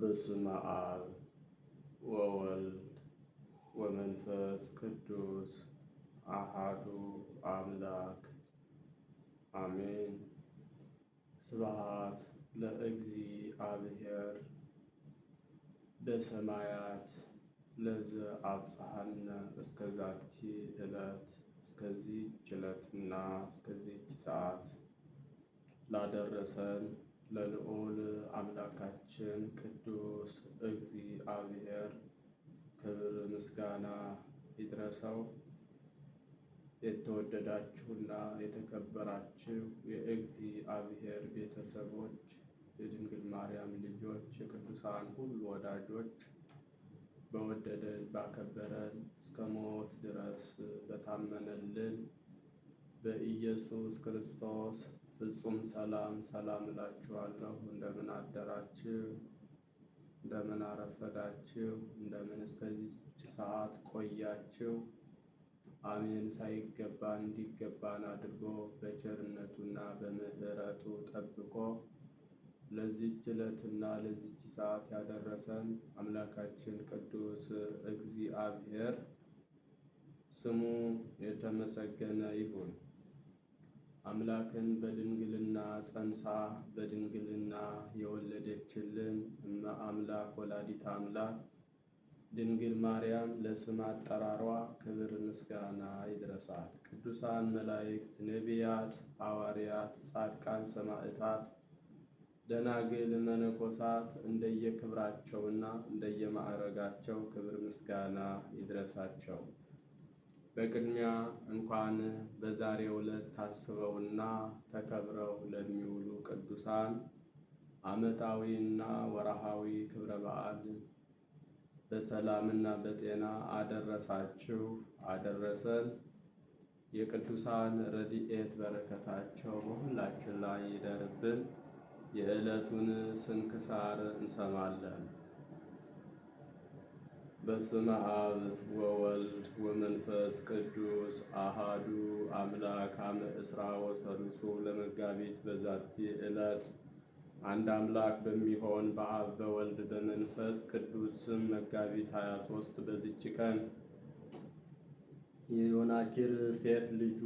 በስመ አብ ወወልድ ወመንፈስ ቅዱስ አሃዱ አምላክ አሜን። ስብሐት ለእግዚአብሔር በሰማያት ለዘ እስከ ዛቲ ዕለት እስከዚች ዕለትና እስከዚች ሰዓት ላደረሰን ለልዑል አምላካችን ቅዱስ እግዚአብሔር ክብር ምስጋና ይድረሰው። የተወደዳችሁና የተከበራችሁ የእግዚአብሔር ቤተሰቦች፣ የድንግል ማርያም ልጆች፣ የቅዱሳን ሁሉ ወዳጆች በወደደን ባከበረን እስከ ሞት ድረስ በታመነልን በኢየሱስ ክርስቶስ ፍጹም ሰላም ሰላም እላችኋለሁ። እንደምን አደራችሁ? እንደምን አረፈዳችሁ? እንደምን እስከዚህ ሰዓት ቆያችሁ? አሜን። ሳይገባ እንዲገባን አድርጎ በቸርነቱና በምሕረቱ ጠብቆ ለዚች ዕለትና ለዚች ሰዓት ያደረሰን አምላካችን ቅዱስ እግዚአብሔር ስሙ የተመሰገነ ይሁን። አምላክን በድንግልና ጸንሳ በድንግልና የወለደችልን እመ አምላክ ወላዲት አምላክ ድንግል ማርያም ለስም አጠራሯ ክብር ምስጋና ይድረሳት። ቅዱሳን መላእክት፣ ነቢያት፣ ሐዋርያት፣ ጻድቃን፣ ሰማዕታት፣ ደናግል፣ መነኮሳት እንደየክብራቸውና እንደየማዕረጋቸው ክብር ምስጋና ይድረሳቸው። በቅድሚያ እንኳን በዛሬው ዕለት ታስበውና ተከብረው ለሚውሉ ቅዱሳን እና ወርሃዊ ክብረ በዓል በሰላምና በጤና አደረሳችሁ አደረሰን። የቅዱሳን ረድኤት በረከታቸው በሁላችን ላይ ይደርብን። የዕለቱን ስንክሳር እንሰማለን። በስመ አብ ወወልድ ወመንፈስ ቅዱስ አሃዱ አምላክ አመ እስራ ወሰርሱ ለመጋቢት በዛቲ ዕለት። አንድ አምላክ በሚሆን በአብ በወልድ በመንፈስ ቅዱስ ስም መጋቢት 23 በዚች ቀን የዮናኪር ሴት ልጁ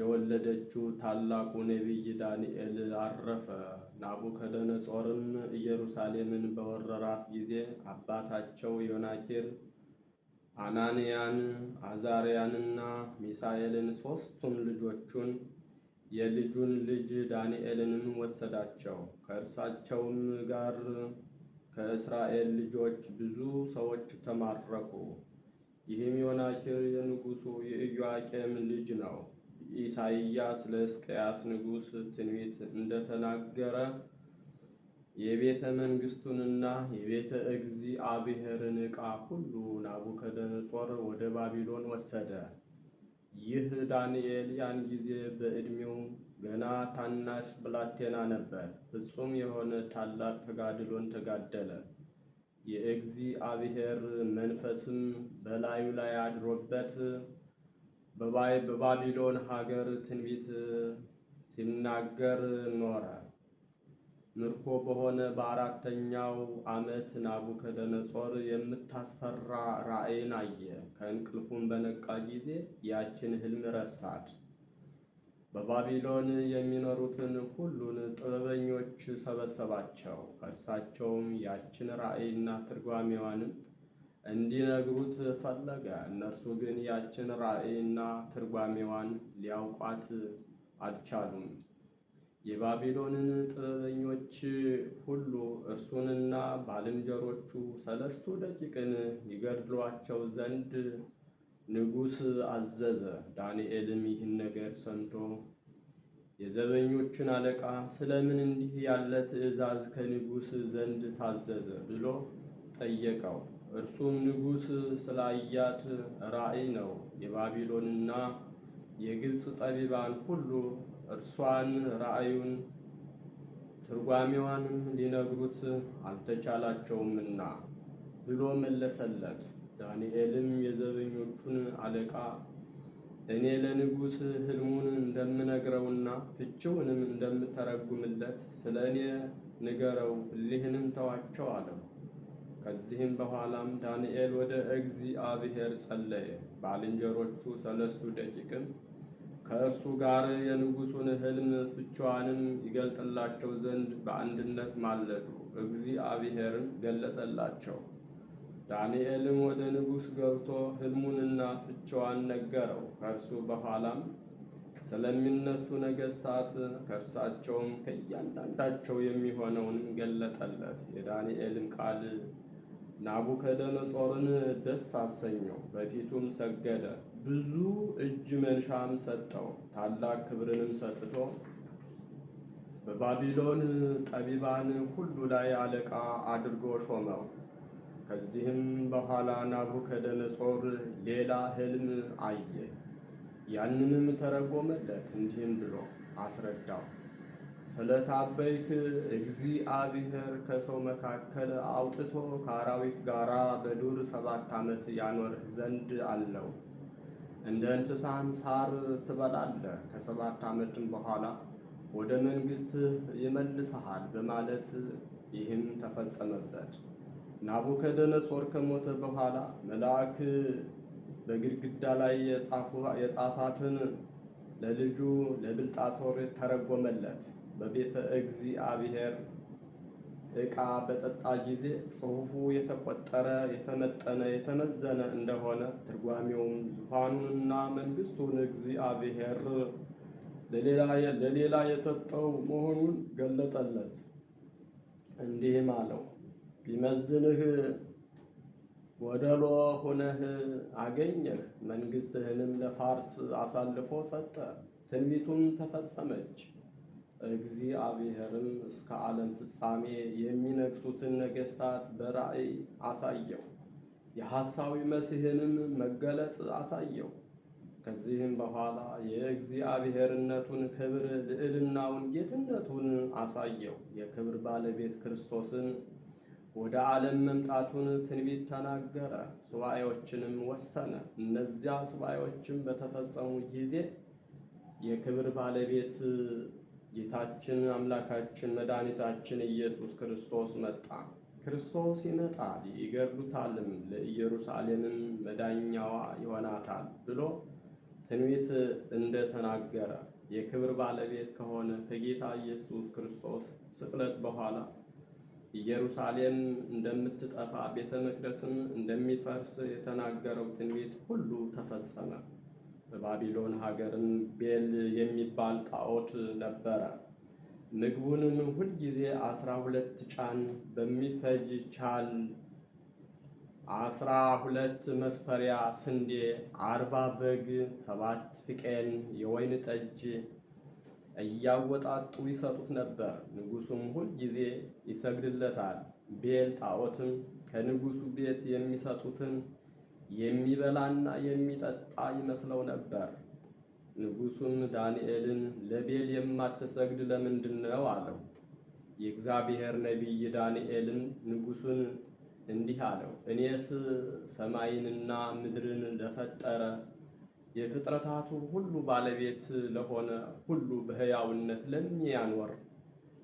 የወለደችው ታላቁ ነቢይ ዳንኤል አረፈ። ናቡከደነጾርም ኢየሩሳሌምን በወረራት ጊዜ አባታቸው ዮናኪር አናንያን፣ አዛርያንና ሚሳኤልን ሦስቱን ልጆቹን የልጁን ልጅ ዳንኤልንም ወሰዳቸው። ከእርሳቸውም ጋር ከእስራኤል ልጆች ብዙ ሰዎች ተማረኩ። ይህም ዮናኪር የንጉሡ የኢዮአቄም ልጅ ነው። ኢሳይያስ ለሕዝቅያስ ንጉሥ ትንቢት እንደተናገረ የቤተ መንግሥቱንና የቤተ እግዚአብሔርን ዕቃ ሁሉ ናቡከደነጾር ወደ ባቢሎን ወሰደ። ይህ ዳንኤል ያን ጊዜ በዕድሜው ገና ታናሽ ብላቴና ነበር። ፍጹም የሆነ ታላቅ ተጋድሎን ተጋደለ። የእግዚአብሔር መንፈስም በላዩ ላይ አድሮበት በባቢሎን ሀገር ትንቢት ሲናገር ኖረ። ምርኮ በሆነ በአራተኛው ዓመት ናቡከደነጾር የምታስፈራ ራእይን አየ። ከእንቅልፉም በነቃ ጊዜ ያችን ህልም ረሳት። በባቢሎን የሚኖሩትን ሁሉን ጥበበኞች ሰበሰባቸው። ከእርሳቸውም ያችን ራእይና ትርጓሜዋንም እንዲነግሩት ፈለገ። እነርሱ ግን ያችን ራእይና ትርጓሜዋን ሊያውቋት አልቻሉም። የባቢሎንን ጥበበኞች ሁሉ እርሱንና ባልንጀሮቹ ሰለስቱ ደቂቅን ይገድሏቸው ዘንድ ንጉሥ አዘዘ። ዳንኤልም ይህን ነገር ሰምቶ የዘበኞቹን አለቃ ስለምን እንዲህ ያለ ትእዛዝ ከንጉሥ ዘንድ ታዘዘ ብሎ ጠየቀው። እርሱም ንጉሥ ስላያት ራእይ ነው። የባቢሎንና የግብፅ ጠቢባን ሁሉ እርሷን ራእዩን ትርጓሜዋንም ሊነግሩት አልተቻላቸውምና ብሎ መለሰለት። ዳንኤልም የዘበኞቹን አለቃ እኔ ለንጉሥ ሕልሙን እንደምነግረውና ፍቺውንም እንደምተረጉምለት ስለ እኔ ንገረው፣ እሊህንም ተዋቸው አለው። ከዚህም በኋላም ዳንኤል ወደ እግዚአብሔር ጸለየ። ባልንጀሮቹ ሰለስቱ ደቂቅም ከእርሱ ጋር የንጉሱን ሕልም ፍቻዋንም ይገልጥላቸው ዘንድ በአንድነት ማለዱ። እግዚአብሔርም ገለጠላቸው። ዳንኤልም ወደ ንጉሥ ገብቶ ሕልሙንና ፍቺዋን ነገረው። ከእርሱ በኋላም ስለሚነሱ ነገሥታት ከእርሳቸውም ከእያንዳንዳቸው የሚሆነውንም ገለጠለት። የዳንኤልም ቃል ናቡከደነጾርን ደስ አሰኘው፣ በፊቱም ሰገደ። ብዙ እጅ መንሻም ሰጠው። ታላቅ ክብርንም ሰጥቶ በባቢሎን ጠቢባን ሁሉ ላይ አለቃ አድርጎ ሾመው። ከዚህም በኋላ ናቡከደነጾር ሌላ ሕልም አየ። ያንንም ተረጎመለት፣ እንዲህም ብሎ አስረዳው። ስለ ታበይክ እግዚአብሔር ከሰው መካከል አውጥቶ ከአራዊት ጋር በዱር ሰባት ዓመት ያኖርህ ዘንድ አለው። እንደ እንስሳም ሳር ትበላለህ፣ ከሰባት ዓመትም በኋላ ወደ መንግሥትህ ይመልስሃል በማለት ይህም ተፈጸመበት። ናቡከደነጾር ከሞተ በኋላ መልአክ በግድግዳ ላይ የጻፋትን ለልጁ ለብልጣሶር ተረጎመለት። በቤተ እግዚአብሔር ዕቃ በጠጣ ጊዜ ጽሑፉ የተቆጠረ የተመጠነ የተመዘነ እንደሆነ ትርጓሜውም ዙፋኑንና መንግስቱን እግዚአብሔር ለሌላ የሰጠው መሆኑን ገለጠለት። እንዲህም አለው፣ ቢመዝንህ ወደሎ ሆነህ አገኘህ። መንግሥትህንም ለፋርስ አሳልፎ ሰጠ። ትንቢቱም ተፈጸመች። እግዚአብሔርም እስከ ዓለም ፍጻሜ የሚነግሱትን ነገሥታት በራእይ አሳየው። የሐሳዊ መስህንም መገለጥ አሳየው። ከዚህም በኋላ የእግዚአብሔርነቱን ክብር ልዕልናውን፣ ጌትነቱን አሳየው። የክብር ባለቤት ክርስቶስን ወደ ዓለም መምጣቱን ትንቢት ተናገረ። ሱባኤዎችንም ወሰነ። እነዚያ ሱባኤዎችም በተፈጸሙ ጊዜ የክብር ባለቤት ጌታችን አምላካችን መድኃኒታችን ኢየሱስ ክርስቶስ መጣ። ክርስቶስ ይመጣል ይገድሉታልም፣ ለኢየሩሳሌምም መዳኛዋ ይሆናታል ብሎ ትንቢት እንደተናገረ የክብር ባለቤት ከሆነ ከጌታ ኢየሱስ ክርስቶስ ስቅለት በኋላ ኢየሩሳሌም እንደምትጠፋ ቤተ መቅደስም እንደሚፈርስ የተናገረው ትንቢት ሁሉ ተፈጸመ። በባቢሎን ሀገርም ቤል የሚባል ጣዖት ነበረ። ምግቡንም ሁልጊዜ አስራ ሁለት ጫን በሚፈጅ ቻል አስራ ሁለት መስፈሪያ ስንዴ፣ አርባ በግ፣ ሰባት ፍቄን የወይን ጠጅ እያወጣጡ ይሰጡት ነበር። ሁል ሁልጊዜ ይሰግድለታል። ቤል ጣዖትም ከንጉሱ ቤት የሚሰጡትን የሚበላና የሚጠጣ ይመስለው ነበር። ንጉሱን ዳንኤልን ለቤል የማትሰግድ ለምንድን ነው አለው። የእግዚአብሔር ነቢይ ዳንኤልን ንጉሱን እንዲህ አለው፣ እኔስ ሰማይንና ምድርን ለፈጠረ የፍጥረታቱ ሁሉ ባለቤት ለሆነ ሁሉ በሕያውነት ለሚያኖር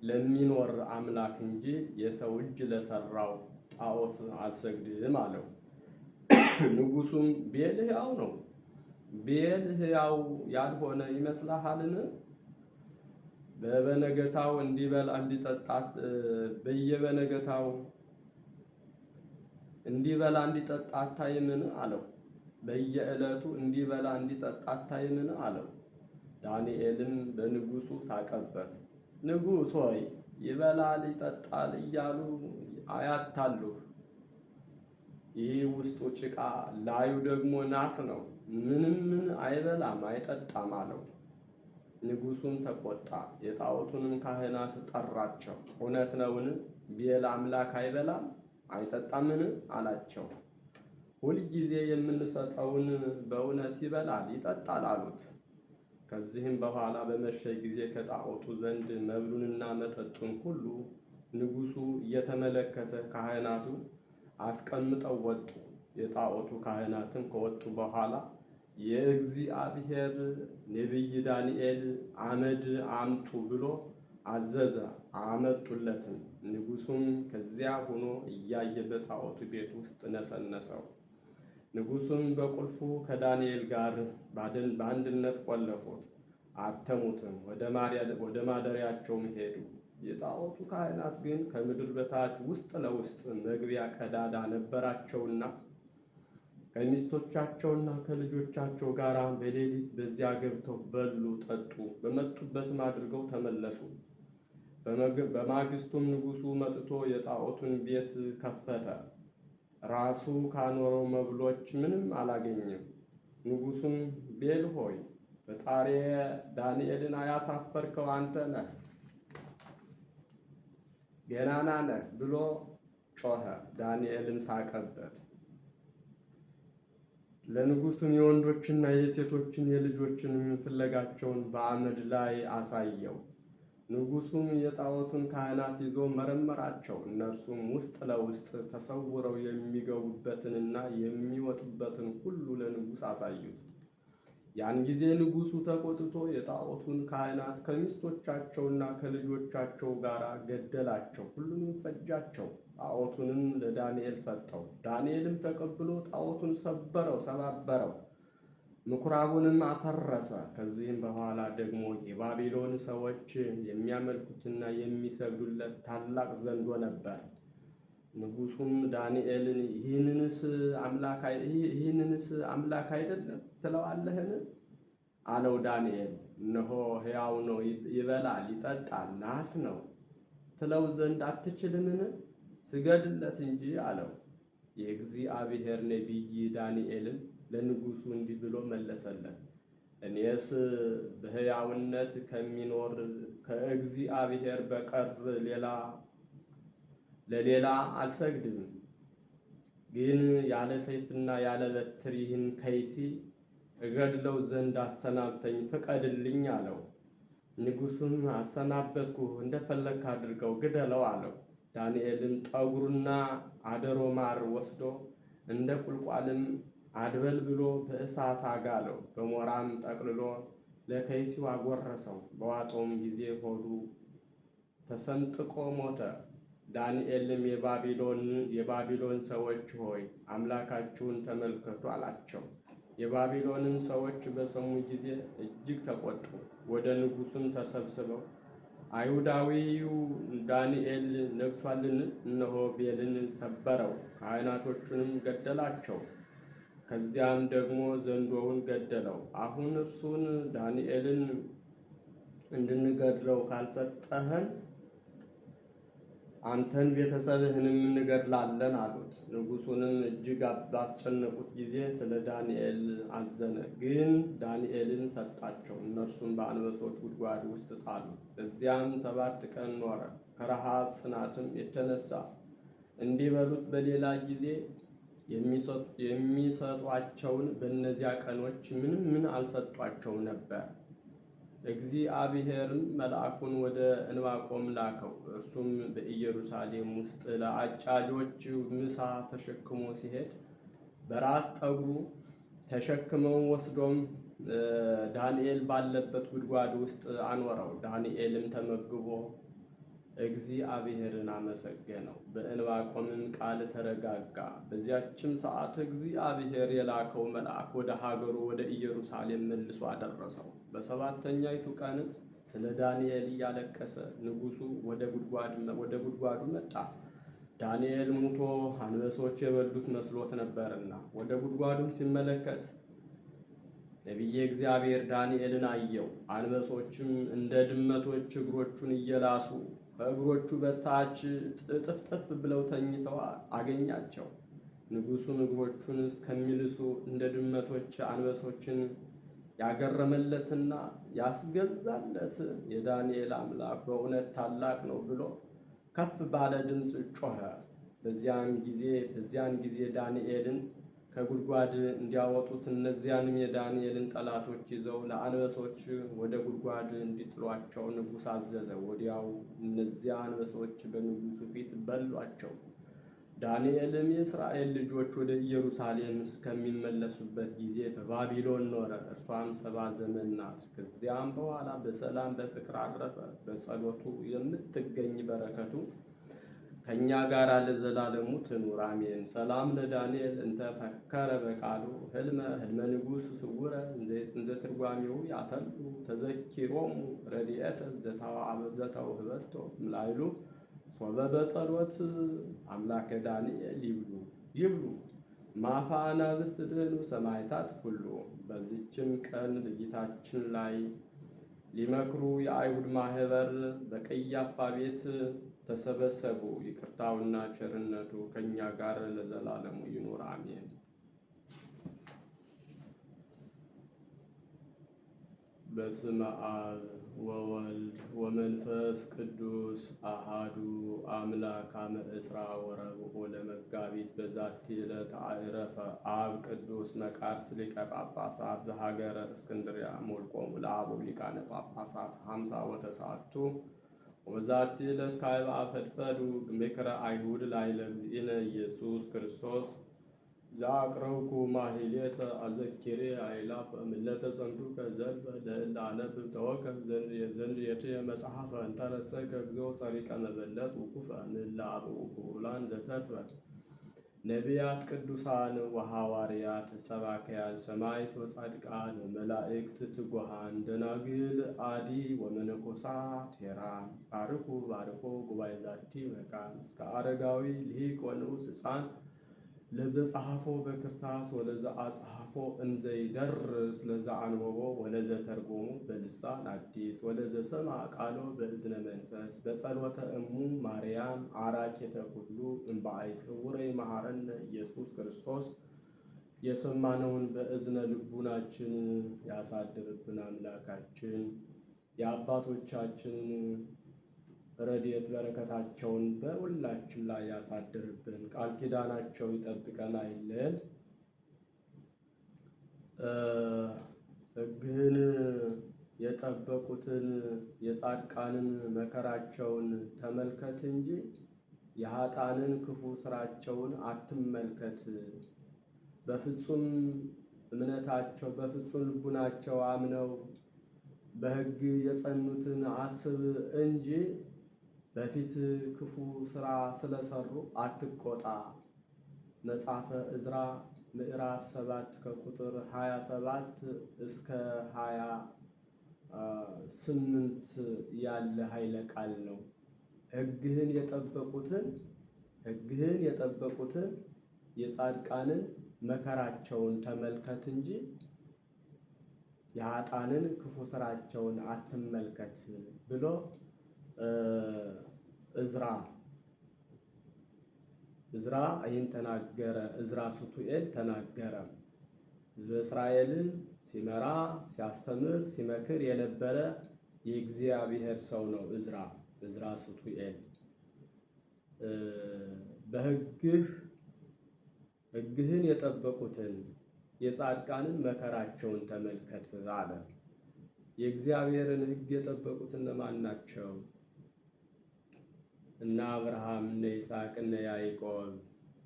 ለሚኖር አምላክ እንጂ የሰው እጅ ለሰራው ጣዖት አልሰግድም አለው። ንጉሱም ብዔል ሕያው ነው፣ ብዔል ሕያው ያልሆነ ይመስልሃልን? በበነገታው እንዲበላ እንዲጠጣት በየበነገታው እንዲበላ እንዲጠጣ አታይምን አለው። በየዕለቱ እንዲበላ እንዲጠጣ አታይምን አለው። ዳንኤልም በንጉሱ ሳቀበት። ንጉሥ ሆይ ይበላል ይጠጣል እያሉ አያታሉህ ይህ ውስጡ ጭቃ ላዩ ደግሞ ናስ ነው፣ ምንም ምን አይበላም አይጠጣም አለው። ንጉሱን ተቆጣ፣ የጣዖቱንም ካህናት ጠራቸው። እውነት ነውን? ቤል አምላክ አይበላም አይጠጣምን? አላቸው። ሁልጊዜ የምንሰጠውን በእውነት ይበላል ይጠጣል አሉት። ከዚህም በኋላ በመሸ ጊዜ ከጣዖቱ ዘንድ መብሉንና መጠጡን ሁሉ ንጉሱ እየተመለከተ ካህናቱ አስቀምጠው ወጡ። የጣዖቱ ካህናትን ከወጡ በኋላ የእግዚአብሔር ነቢይ ዳንኤል አመድ አምጡ ብሎ አዘዘ። አመጡለትም። ንጉሱም ከዚያ ሆኖ እያየ በጣዖቱ ቤት ውስጥ ነሰነሰው። ንጉሱም በቁልፉ ከዳንኤል ጋር በአንድነት ቆለፉት፣ አተሙትም። ወደ ማደሪያቸውም ሄዱ። የጣዖቱ ካህናት ግን ከምድር በታች ውስጥ ለውስጥ መግቢያ ቀዳዳ ነበራቸውና ከሚስቶቻቸውና ከልጆቻቸው ጋር በሌሊት በዚያ ገብተው በሉ፣ ጠጡ፣ በመጡበትም አድርገው ተመለሱ። በማግስቱም ንጉሡ መጥቶ የጣዖቱን ቤት ከፈተ። ራሱ ካኖረው መብሎች ምንም አላገኘም። ንጉሡም ቤል ሆይ ፈጣሪ ዳንኤልን ያሳፈርከው አንተ ነህ ገናና ነህ ብሎ ጮኸ። ዳንኤልም ሳቀበት። ለንጉሱም የወንዶችና የሴቶችን የልጆችን ፍለጋቸውን በአመድ ላይ አሳየው። ንጉሱም የጣዖቱን ካህናት ይዞ መረመራቸው። እነርሱም ውስጥ ለውስጥ ተሰውረው የሚገቡበትንና የሚወጡበትን ሁሉ ለንጉሥ አሳዩት። ያን ጊዜ ንጉሡ ተቆጥቶ የጣዖቱን ካህናት ከሚስቶቻቸውና ከልጆቻቸው ጋር ገደላቸው፣ ሁሉንም ፈጃቸው። ጣዖቱንም ለዳንኤል ሰጠው። ዳንኤልም ተቀብሎ ጣዖቱን ሰበረው ሰባበረው፣ ምኩራቡንም አፈረሰ። ከዚህም በኋላ ደግሞ የባቢሎን ሰዎች የሚያመልኩትና የሚሰግዱለት ታላቅ ዘንዶ ነበር። ንጉሱም ዳንኤልን ይህንንስ አምላክ ይህንንስ አምላክ አይደለም ትለዋለህን? አለው። ዳንኤል እነሆ ሕያው ነው፣ ይበላል፣ ይጠጣል፣ ናስ ነው ትለው ዘንድ አትችልምን? ስገድለት እንጂ አለው። የእግዚአብሔር ነቢይ ዳንኤልም ለንጉሱ እንዲህ ብሎ መለሰለት እኔስ በሕያውነት ከሚኖር ከእግዚአብሔር በቀር ሌላ ለሌላ አልሰግድም። ግን ያለ ሰይፍና ያለ በትር ይህን ከይሲ እገድለው ዘንድ አሰናብተኝ ፍቀድልኝ አለው። ንጉሱም አሰናበትኩ፣ እንደፈለግክ አድርገው ግደለው አለው። ዳንኤልም ጠጉርና አደሮ ማር ወስዶ እንደ ቁልቋልም አድበል ብሎ በእሳት አጋለው፣ በሞራም ጠቅልሎ ለከይሲው አጎረሰው። በዋጠውም ጊዜ ሆዱ ተሰንጥቆ ሞተ። ዳንኤልም የባቢሎን ሰዎች ሆይ አምላካችሁን ተመልከቱ አላቸው። የባቢሎንም ሰዎች በሰሙ ጊዜ እጅግ ተቆጡ። ወደ ንጉሱም ተሰብስበው አይሁዳዊው ዳንኤል ነግሷልን? እነሆ ቤልን ሰበረው፣ ካህናቶቹንም ገደላቸው። ከዚያም ደግሞ ዘንዶውን ገደለው። አሁን እርሱን ዳንኤልን እንድንገድለው ካልሰጠህን አንተን ቤተሰብህንም እንገድላለን አሉት። ንጉሱንም እጅግ ባስጨነቁት ጊዜ ስለ ዳንኤል አዘነ፣ ግን ዳንኤልን ሰጣቸው። እነርሱም በአንበሶች ጉድጓድ ውስጥ ጣሉ። እዚያም ሰባት ቀን ኖረ። ከረሃብ ጽናትም የተነሳ እንዲበሉት በሌላ ጊዜ የሚሰጧቸውን በእነዚያ ቀኖች ምንም ምን አልሰጧቸው ነበር። እግዚአብሔርም መልአኩን ወደ እንባቆም ላከው። እርሱም በኢየሩሳሌም ውስጥ ለአጫጆች ምሳ ተሸክሞ ሲሄድ በራስ ጠጉሩ ተሸክመው ወስዶም ዳንኤል ባለበት ጉድጓድ ውስጥ አኖረው። ዳንኤልም ተመግቦ እግዚአብሔርን አመሰገነው፣ በዕንባቆምም ቃል ተረጋጋ። በዚያችም ሰዓት እግዚአብሔር የላከው መልአክ ወደ ሀገሩ ወደ ኢየሩሳሌም መልሶ አደረሰው። በሰባተኛይቱ ቀን ስለ ዳንኤል እያለቀሰ ንጉሱ ወደ ጉድጓዱ መጣ። ዳንኤል ሙቶ አንበሶች የበሉት መስሎት ነበርና፣ ወደ ጉድጓዱም ሲመለከት ነቢየ እግዚአብሔር ዳንኤልን አየው። አንበሶችም እንደ ድመቶች እግሮቹን እየላሱ ከእግሮቹ በታች ጥፍጥፍ ብለው ተኝተው አገኛቸው። ንጉሱን እግሮቹን እስከሚልሱ እንደ ድመቶች አንበሶችን ያገረመለትና ያስገዛለት የዳንኤል አምላክ በእውነት ታላቅ ነው ብሎ ከፍ ባለ ድምፅ ጮኸ። በዚያን ጊዜ በዚያን ጊዜ ዳንኤልን ከጉድጓድ እንዲያወጡት እነዚያንም የዳንኤልን ጠላቶች ይዘው ለአንበሶች ወደ ጉድጓድ እንዲጥሏቸው ንጉሥ አዘዘ። ወዲያው እነዚያ አንበሶች በንጉሡ ፊት በሏቸው። ዳንኤልም የእስራኤል ልጆች ወደ ኢየሩሳሌም እስከሚመለሱበት ጊዜ በባቢሎን ኖረ። እርሷም ሰባ ዘመን ናት። ከዚያም በኋላ በሰላም በፍቅር አረፈ። በጸሎቱ የምትገኝ በረከቱ ከእኛ ጋር ለዘላለሙ ትኑር አሜን። ሰላም ለዳንኤል እንተ ፈከረ በቃሉ ህልመ ህልመ ንጉሥ ስውረ እንዘ ትርጓሜው ያተሉ ተዘኪሮሙ ረድኤተ ዘተዋህበቶ ምላይሉ ሶበ በጸሎት አምላከ ዳንኤል ይብሉ ይብሉ ማፋና አናብስት ድህኑ ሰማይታት ሁሉ። በዚችም ቀን በጌታችን ላይ ሊመክሩ የአይሁድ ማህበር በቀያፋ ቤት ተሰበሰቡ። ይቅርታውና ቸርነቱ ከእኛ ጋር ለዘላለሙ ይኑር፣ አሜን። በስመ አብ ወወልድ ወመንፈስ ቅዱስ አሃዱ አምላክ አመ ዕስራ ወረብዑ ለመጋቢት በዛቲ ዕለት አዕረፈ አብ ቅዱስ መቃርስ ሊቀ ጳጳሳት ዘሀገረ እስክንድሪያ ሞልቆሙ ለአበው ሊቃነ ጳጳሳት ሀምሳ ወተሳቱ ወበዛቲ ዕለት ካዕበ አፈድፈዱ ምክረ አይሁድ ላይ ለእግዚእነ ኢየሱስ ክርስቶስ ዘአቅረብኩ ማሕሌተ አዘኪሬ አይላፍ ምለተ ጸንዱቀ ዘልፈ ለእለ አነብብ ተወከፍ የትየ መጽሐፈ እንተረሰከ ከእግዚኦ ጸሪቀ መበለት ውኩፈ ንላብ ውኩላን ዘተርፈ ነቢያት፣ ቅዱሳን ወሐዋርያት፣ ሰባክያን፣ ሰማዕት ወጻድቃን፣ መላእክት ትጉሃን፣ ደናግል አዲ ወመነኮሳ ሄራን ባርኩ ባርኮ ጉባኤ ዛቲ መካን እስከ አረጋዊ ልሂቅ ወንዑስ ሕፃን ለዘ ጸሐፎ በክርታስ ወለዘ አጽሐፎ እንዘ ለዘ አንበቦ ወለዘ ተርጎሙ በልሳን አዲስ ወለዘ ሰማ ቃሎ በእዝነ መንፈስ በጸሎተ እሙ ማርያም አራኬተ ኩሉ እምበአይ ስውረ መሐረነ ኢየሱስ ክርስቶስ የሰማነውን በእዝነ ልቡናችን ያሳድርብን አምላካችን የአባቶቻችንን ረድኤት በረከታቸውን በሁላችን ላይ ያሳድርብን፣ ቃል ኪዳናቸው ይጠብቀን አይለን። ሕግህን የጠበቁትን የጻድቃንን መከራቸውን ተመልከት እንጂ የሀጣንን ክፉ ስራቸውን አትመልከት። በፍጹም እምነታቸው በፍጹም ልቡናቸው አምነው በሕግ የጸኑትን አስብ እንጂ በፊት ክፉ ስራ ስለሰሩ አትቆጣ። መጽሐፈ ዕዝራ ምዕራፍ 7 ከቁጥር 27 እስከ 28 ያለ ኃይለ ቃል ነው። ሕግህን የጠበቁትን ሕግህን የጠበቁትን የጻድቃንን መከራቸውን ተመልከት እንጂ የአጣንን ክፉ ስራቸውን አትመልከት ብሎ እዝራ እዝራ ይህን ተናገረ። እዝራ ሱቱኤል ተናገረ። ህዝበ እስራኤልን ሲመራ ሲያስተምር ሲመክር የነበረ የእግዚአብሔር ሰው ነው እዝራ እዝራ ሱቱኤል። በሕግህ ሕግህን የጠበቁትን የጻድቃንን መከራቸውን ተመልከት አለ። የእግዚአብሔርን ሕግ የጠበቁትን እነማን ናቸው? እነ አብርሃም እነ ይስሐቅ እነ ያዕቆብ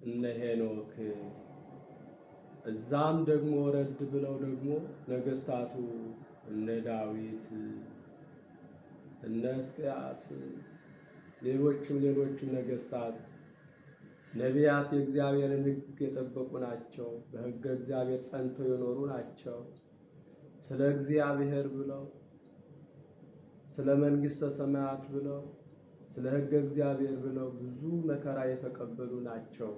እነ ሄኖክ እዛም ደግሞ ረድ ብለው ደግሞ ነገስታቱ እነ ዳዊት እነ ሕዝቅያስ ሌሎችም ሌሎችም ነገስታት ነቢያት የእግዚአብሔርን ሕግ የጠበቁ ናቸው። በሕገ እግዚአብሔር ጸንተው የኖሩ ናቸው። ስለ እግዚአብሔር ብለው ስለ መንግሥተ ሰማያት ብለው ስለ ሕገ እግዚአብሔር ብለው ብዙ መከራ የተቀበሉ ናቸው።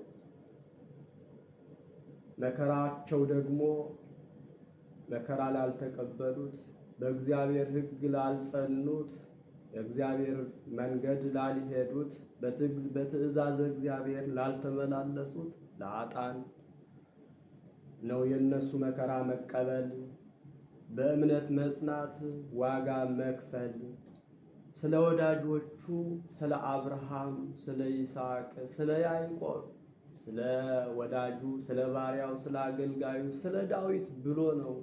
መከራቸው ደግሞ መከራ ላልተቀበሉት በእግዚአብሔር ሕግ ላልጸኑት የእግዚአብሔር መንገድ ላልሄዱት በትእዛዝ እግዚአብሔር ላልተመላለሱት ለአጣን ነው የእነሱ መከራ መቀበል፣ በእምነት መጽናት፣ ዋጋ መክፈል ስለ ወዳጆቹ ስለ አብርሃም፣ ስለ ይስሐቅ፣ ስለ ያዕቆብ፣ ስለ ወዳጁ፣ ስለ ባሪያው፣ ስለ አገልጋዩ፣ ስለ ዳዊት ብሎ ነው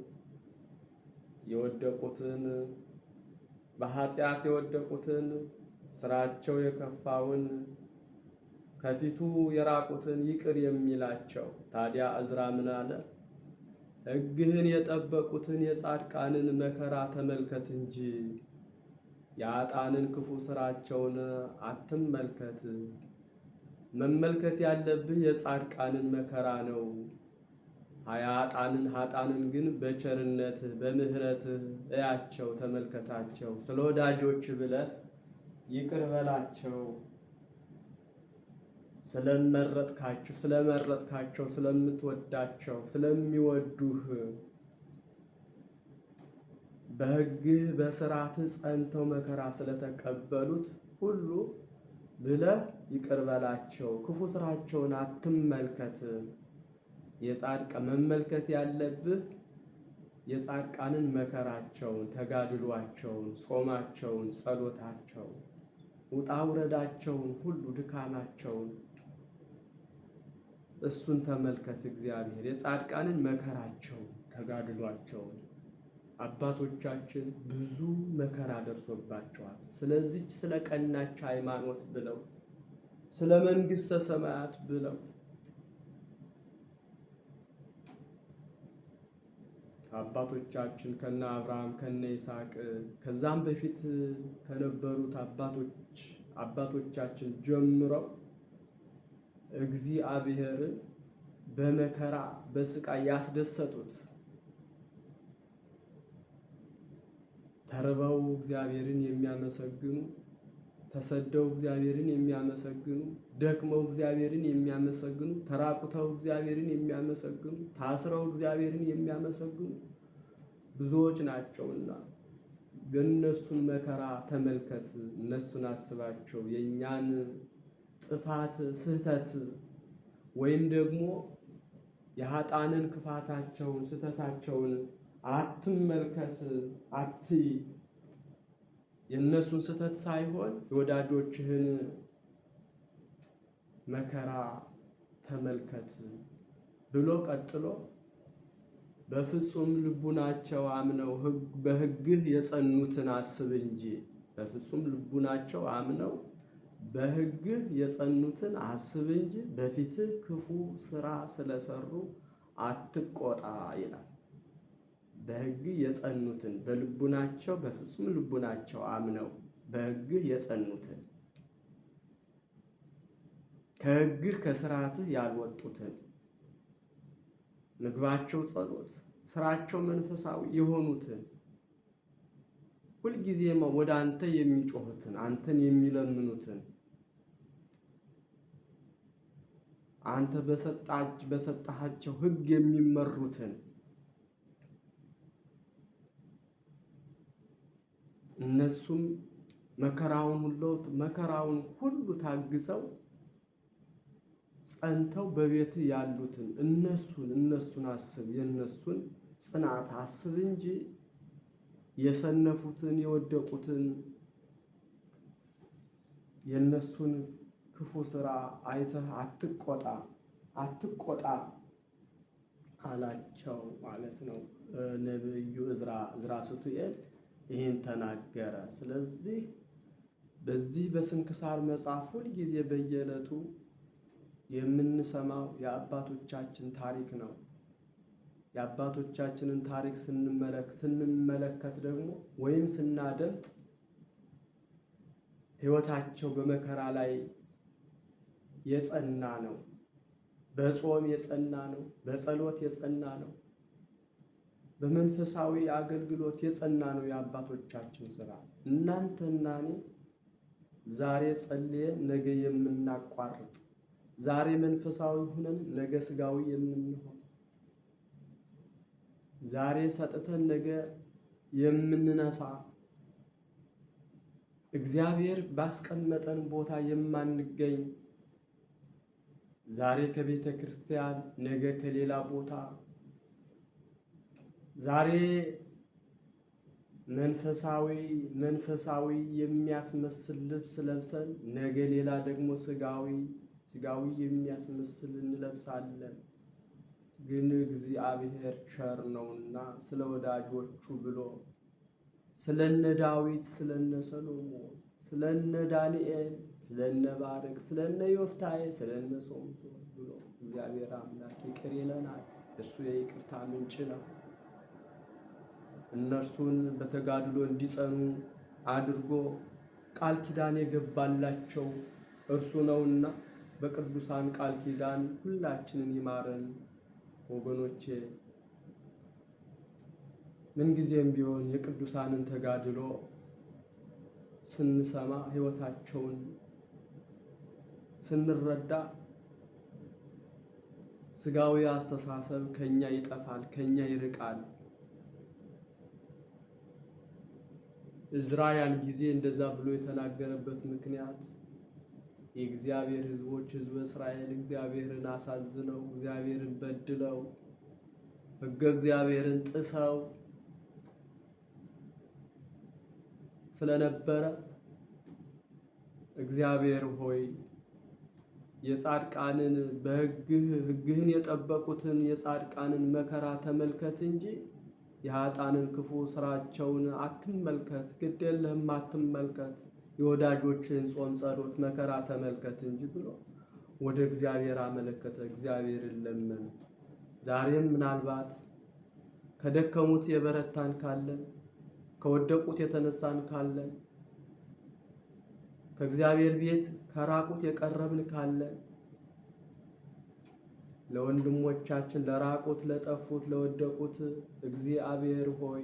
የወደቁትን በኃጢአት የወደቁትን ስራቸው የከፋውን ከፊቱ የራቁትን ይቅር የሚላቸው። ታዲያ እዝራ ምን አለ? ሕግህን የጠበቁትን የጻድቃንን መከራ ተመልከት እንጂ የአጣንን ክፉ ስራቸውን አትመልከት። መመልከት ያለብህ የጻድቃንን መከራ ነው። ኃያጣንን ኃጣንን ግን በቸርነት በምህረት እያቸው፣ ተመልከታቸው። ስለ ወዳጆች ብለ ይቅር በላቸው። ስለመረጥካቸው ስለመረጥካቸው ስለምትወዳቸው ስለሚወዱህ በሕግህ በስርዓት ጸንተው መከራ ስለተቀበሉት ሁሉ ብለህ ይቅር ክፉ ስራቸውን አትመልከት። የጻድቃ መመልከት ያለብህ የጻድቃንን መከራቸውን፣ ተጋድሏቸውን፣ ጾማቸውን፣ ጸሎታቸውን፣ ውጣ ውረዳቸውን ሁሉ ድካማቸውን እሱን ተመልከት። እግዚአብሔር የጻድቃንን መከራቸውን፣ ተጋድሏቸውን አባቶቻችን ብዙ መከራ ደርሶባቸዋል። ስለዚች ስለ ቀናች ሃይማኖት ብለው ስለ መንግሥተ ሰማያት ብለው አባቶቻችን ከነ አብርሃም ከነ ይስሐቅ ከዛም በፊት ከነበሩት አባቶች አባቶቻችን ጀምረው እግዚአብሔርን በመከራ በስቃይ ያስደሰቱት ተርበው እግዚአብሔርን የሚያመሰግኑ ተሰደው እግዚአብሔርን የሚያመሰግኑ ደክመው እግዚአብሔርን የሚያመሰግኑ ተራቁተው እግዚአብሔርን የሚያመሰግኑ ታስረው እግዚአብሔርን የሚያመሰግኑ ብዙዎች ናቸውና የእነሱን መከራ ተመልከት፣ እነሱን አስባቸው። የእኛን ጥፋት ስህተት ወይም ደግሞ የሀጣንን ክፋታቸውን ስህተታቸውን አትመልከት፣ አትይ የእነሱን ስህተት ሳይሆን የወዳጆችህን መከራ ተመልከት ብሎ ቀጥሎ በፍጹም ልቡናቸው አምነው በሕግህ የጸኑትን አስብ እንጂ በፍጹም ልቡናቸው አምነው በሕግህ የጸኑትን አስብ እንጂ በፊትህ ክፉ ስራ ስለሰሩ አትቆጣ ይላል። በሕግ የጸኑትን በልቡናቸው በፍጹም ልቡናቸው አምነው በሕግህ የጸኑትን ከሕግህ ከስርዓትህ ያልወጡትን ምግባቸው ጸሎት፣ ስራቸው መንፈሳዊ የሆኑትን ሁልጊዜ ወደ አንተ የሚጮሁትን አንተን የሚለምኑትን አንተ በሰጣች በሰጣሃቸው ሕግ የሚመሩትን እነሱም መከራውን ሁሉ መከራውን ሁሉ ታግሰው ጸንተው በቤት ያሉትን እነሱን እነሱን አስብ የእነሱን ጽናት አስብ እንጂ የሰነፉትን የወደቁትን የእነሱን ክፉ ስራ አይተህ አትቆጣ አትቆጣ አላቸው ማለት ነው። ነብዩ ዕዝራ ዕዝራ ሱቱኤል ይህን ተናገረ። ስለዚህ በዚህ በስንክሳር መጽሐፍ ሁልጊዜ በየዕለቱ የምንሰማው የአባቶቻችን ታሪክ ነው። የአባቶቻችንን ታሪክ ስንመለከት ደግሞ ወይም ስናደምጥ ሕይወታቸው በመከራ ላይ የጸና ነው፣ በጾም የጸና ነው፣ በጸሎት የጸና ነው። በመንፈሳዊ አገልግሎት የጸና ነው የአባቶቻችን ስራ። እናንተና እኔ ዛሬ ጸልየን ነገ የምናቋርጥ፣ ዛሬ መንፈሳዊ ሁነን ነገ ስጋዊ የምንሆን፣ ዛሬ ሰጥተን ነገ የምንነሳ፣ እግዚአብሔር ባስቀመጠን ቦታ የማንገኝ፣ ዛሬ ከቤተ ክርስቲያን ነገ ከሌላ ቦታ ዛሬ መንፈሳዊ መንፈሳዊ የሚያስመስል ልብስ ለብሰን ነገ ሌላ ደግሞ ስጋዊ ስጋዊ የሚያስመስል እንለብሳለን። ግን እግዚአብሔር ቸር ነውና ስለ ወዳጆቹ ብሎ ስለነ ዳዊት፣ ስለነ ሰሎሞን፣ ስለነ ዳንኤል፣ ስለነ ባረክ፣ ስለነ ዮፍታሔ፣ ስለነ ሶምሶን ብሎ እግዚአብሔር አምላክ ይቅር ይለናል። እሱ የይቅርታ ምንጭ ነው። እነርሱን በተጋድሎ እንዲጸኑ አድርጎ ቃል ኪዳን የገባላቸው እርሱ ነውና በቅዱሳን ቃል ኪዳን ሁላችንን ይማረን። ወገኖቼ ምንጊዜም ቢሆን የቅዱሳንን ተጋድሎ ስንሰማ ሕይወታቸውን ስንረዳ ስጋዊ አስተሳሰብ ከኛ ይጠፋል፣ ከኛ ይርቃል። እዝራ ያን ጊዜ እንደዛ ብሎ የተናገረበት ምክንያት የእግዚአብሔር ሕዝቦች ሕዝበ እስራኤል እግዚአብሔርን አሳዝነው እግዚአብሔርን በድለው ሕገ እግዚአብሔርን ጥሰው ስለነበረ እግዚአብሔር ሆይ የጻድቃንን በሕግህ ሕግህን የጠበቁትን የጻድቃንን መከራ ተመልከት እንጂ የኃጥአንን ክፉ ስራቸውን አትመልከት፣ ግድ የለህም አትመልከት፣ የወዳጆችን ጾም፣ ጸሎት፣ መከራ ተመልከት እንጂ ብሎ ወደ እግዚአብሔር አመለከተ። እግዚአብሔርን ለመነ። ዛሬም ምናልባት ከደከሙት የበረታን ካለን ከወደቁት የተነሳን ካለን ከእግዚአብሔር ቤት ከራቁት የቀረብን ካለን ለወንድሞቻችን ለራቁት ለጠፉት ለወደቁት እግዚአብሔር ሆይ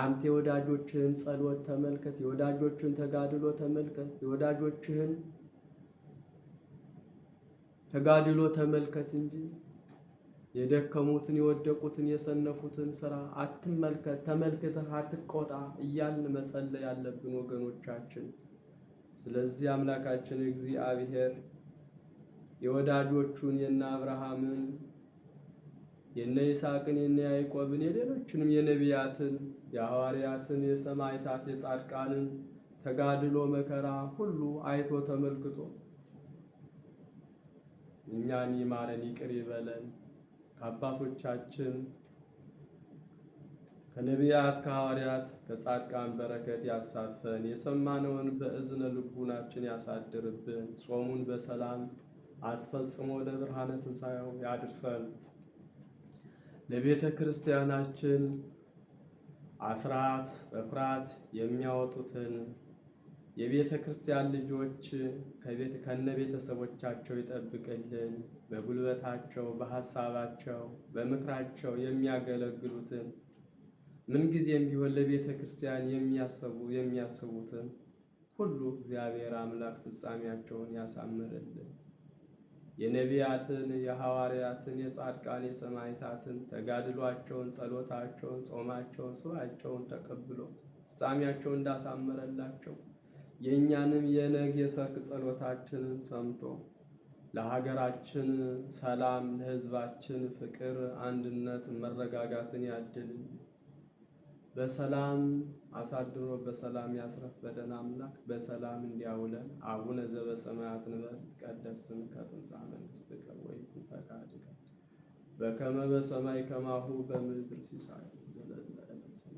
አንተ የወዳጆችህን ጸሎት ተመልከት፣ የወዳጆችህን ተጋድሎ ተመልከት፣ የወዳጆችህን ተጋድሎ ተመልከት እንጂ የደከሙትን የወደቁትን የሰነፉትን ስራ አትመልከት። ተመልክተህ አትቆጣ እያልን መጸለይ ያለብን ወገኖቻችን። ስለዚህ አምላካችን እግዚአብሔር የወዳጆቹን የነ አብርሃምን የነ ይስሐቅን የነ ያዕቆብን የሌሎችንም የነቢያትን የሐዋርያትን የሰማዕታት የጻድቃንን ተጋድሎ መከራ ሁሉ አይቶ ተመልክቶ እኛን ይማረን ይቅር ይበለን። ከአባቶቻችን ከነቢያት ከሐዋርያት ከጻድቃን በረከት ያሳትፈን። የሰማነውን በእዝነ ልቡናችን ያሳድርብን። ጾሙን በሰላም አስፈጽሞ ለብርሃነ ትንሣኤው ያድርሰን። ለቤተ ክርስቲያናችን አስራት በኩራት የሚያወጡትን የቤተ ክርስቲያን ልጆች ከነ ቤተሰቦቻቸው ይጠብቅልን። በጉልበታቸው፣ በሐሳባቸው፣ በምክራቸው የሚያገለግሉትን ምንጊዜም ቢሆን ለቤተ ክርስቲያን የሚያሰቡ የሚያስቡትን ሁሉ እግዚአብሔር አምላክ ፍጻሜያቸውን ያሳምርልን። የነቢያትን፣ የሐዋርያትን፣ የጻድቃን፣ የሰማይታትን ተጋድሏቸውን፣ ጸሎታቸውን፣ ጾማቸውን፣ ሥራቸውን ተቀብሎ ፍጻሜያቸውን እንዳሳመረላቸው የእኛንም የነግ የሰርክ ጸሎታችንን ሰምቶ ለሀገራችን ሰላም፣ ለሕዝባችን ፍቅር፣ አንድነት፣ መረጋጋትን ያድልን። በሰላም አሳድሮ በሰላም ያስረፈደን አምላክ በሰላም እንዲያውለን። አቡነ ዘበሰማያት ንበር ይትቀደስ ስምከ ትምጻእ መንግሥትከ ወይኩን ፈቃድከ በከመ በሰማይ ከማሁ በምድር ሲሳይ ዘለለዕለትነ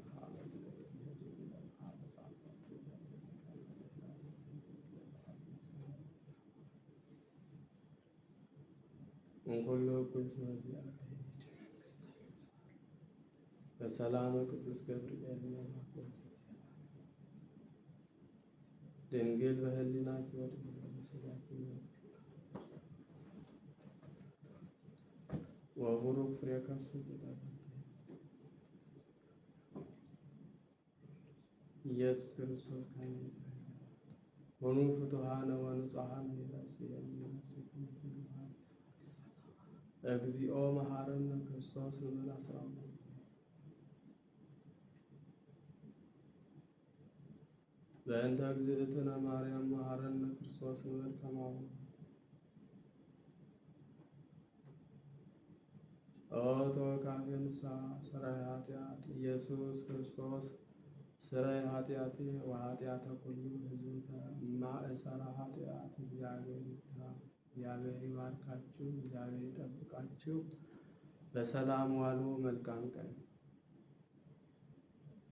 እንኩሉ እኩይ በሰላም ቅዱስ ገብርኤል ድንግል በህሊናችሁ ወደ መሰላችሁ ወቡሩክ ፍሬ ከርሱ ኢየሱስ ክርስቶስ ሁኑ ፍቱሃነ ወንጹሃነ እግዚኦ መሐረነ ክርስቶስ በእንተ እግዝእትነ ማርያም መሐረነ ክርስቶስ ንብል ከማሁ ኦ ተወካፌ ስራይ ኃጢአት ኢየሱስ ክርስቶስ ስራይ ኃጢአት ወኃጢአተ ኩሉ ህዝብ ማእሰራ ኃጢአት። እግዚአብሔር ይፍታ። እግዚአብሔር ይባርካችሁ። እግዚአብሔር ይጠብቃችሁ። በሰላም ዋሉ። መልካም ቀን